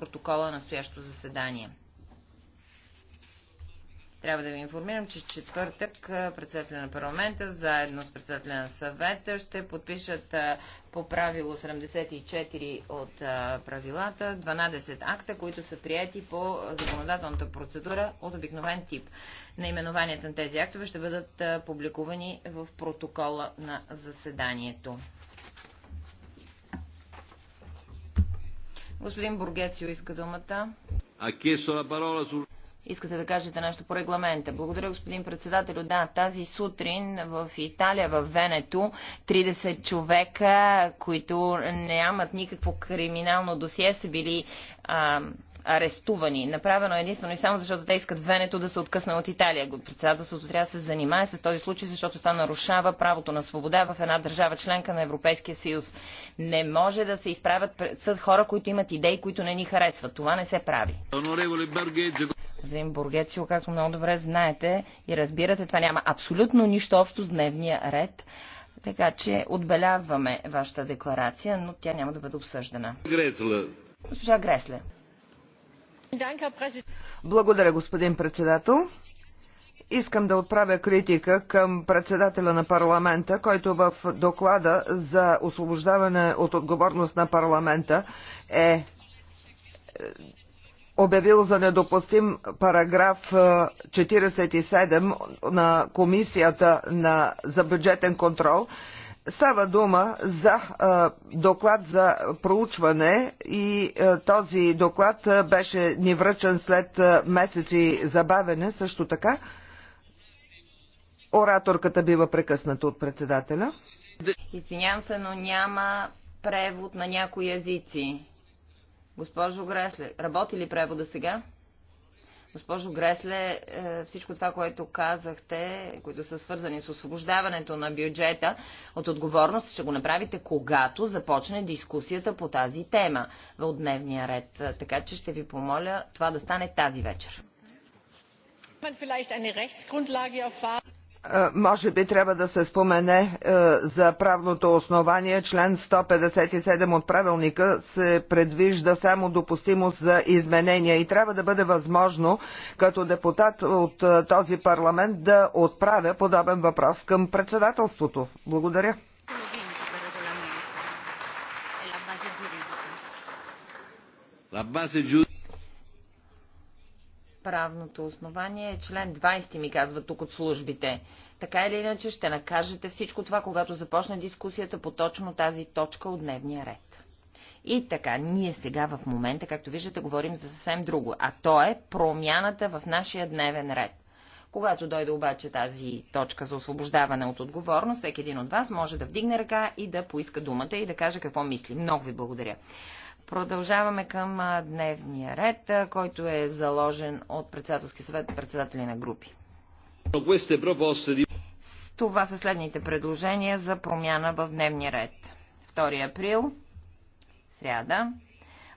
протокола на стоящо заседание. Трябва да ви информирам, че четвъртък председателя на парламента, заедно с председателя на съвета, ще подпишат по правило 74 от правилата 12 акта, които са прияти по законодателната процедура от обикновен тип. Наименованията на тези актове ще бъдат публикувани в протокола на заседанието. Господин Бургецио иска думата. Искате да кажете нещо по регламента. Благодаря, господин председател. Да, тази сутрин в Италия, в Венето, 30 човека, които нямат никакво криминално досие, са били а, арестувани. Направено е единствено и само защото те искат Венето да се откъсне от Италия. Председателството трябва да се занимае с този случай, защото това нарушава правото на свобода в една държава членка на Европейския съюз. Не може да се изправят пред хора, които имат идеи, които не ни харесват. Това не се прави. Господин Бургецио, както много добре знаете и разбирате, това няма абсолютно нищо общо с дневния ред. Така че отбелязваме вашата декларация, но тя няма да бъде обсъждана. Гресле. Госпожа Гресле. Благодаря, господин председател. Искам да отправя критика към председателя на парламента, който в доклада за освобождаване от отговорност на парламента е, е обявил за недопустим параграф 47 е, на Комисията на, за бюджетен контрол, Става дума за а, доклад за проучване и а, този доклад а, беше ни връчен след а, месеци забавене също така. Ораторката бива прекъсната от председателя. Извинявам се, но няма превод на някои езици. Госпожо Гресле, работи ли превода сега? Госпожо Гресле, е, всичко това, което казахте, които са свързани с освобождаването на бюджета от отговорност, ще го направите когато започне дискусията по тази тема от дневния ред. Така че ще ви помоля това да стане тази вечер. Е, може би трябва да се спомене е, за правното основание. Член 157 от правилника се предвижда само допустимост за изменения и трябва да бъде възможно като депутат от е, този парламент да отправя подобен въпрос към председателството. Благодаря. La base giuridica правното основание е член 20, ми казват тук от службите. Така или иначе ще накажете всичко това, когато започне дискусията по точно тази точка от дневния ред. И така, ние сега в момента, както виждате, говорим за съвсем друго, а то е промяната в нашия дневен ред. Когато дойде обаче тази точка за освобождаване от отговорност, всеки един от вас може да вдигне ръка и да поиска думата и да каже какво мисли. Много ви благодаря. Продължаваме към дневния ред, който е заложен от председателски съвет председатели на групи. това са следните предложения за промяна в дневния ред. 2 април, сряда,